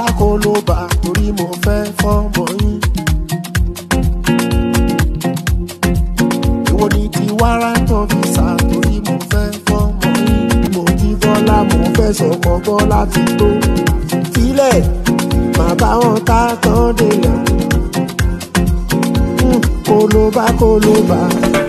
pákó ló torí mo fẹ́ fọ́mọ yín. èwo ni ti wárántọ́ fi sá torí mo fẹ́ fọ́mọ yín. mo ti bọ́lá mo fẹ́ sọmọ bọ́lá ti tó. sílẹ̀ màá bá wọn tán délẹ̀. Hmm, kó ló bá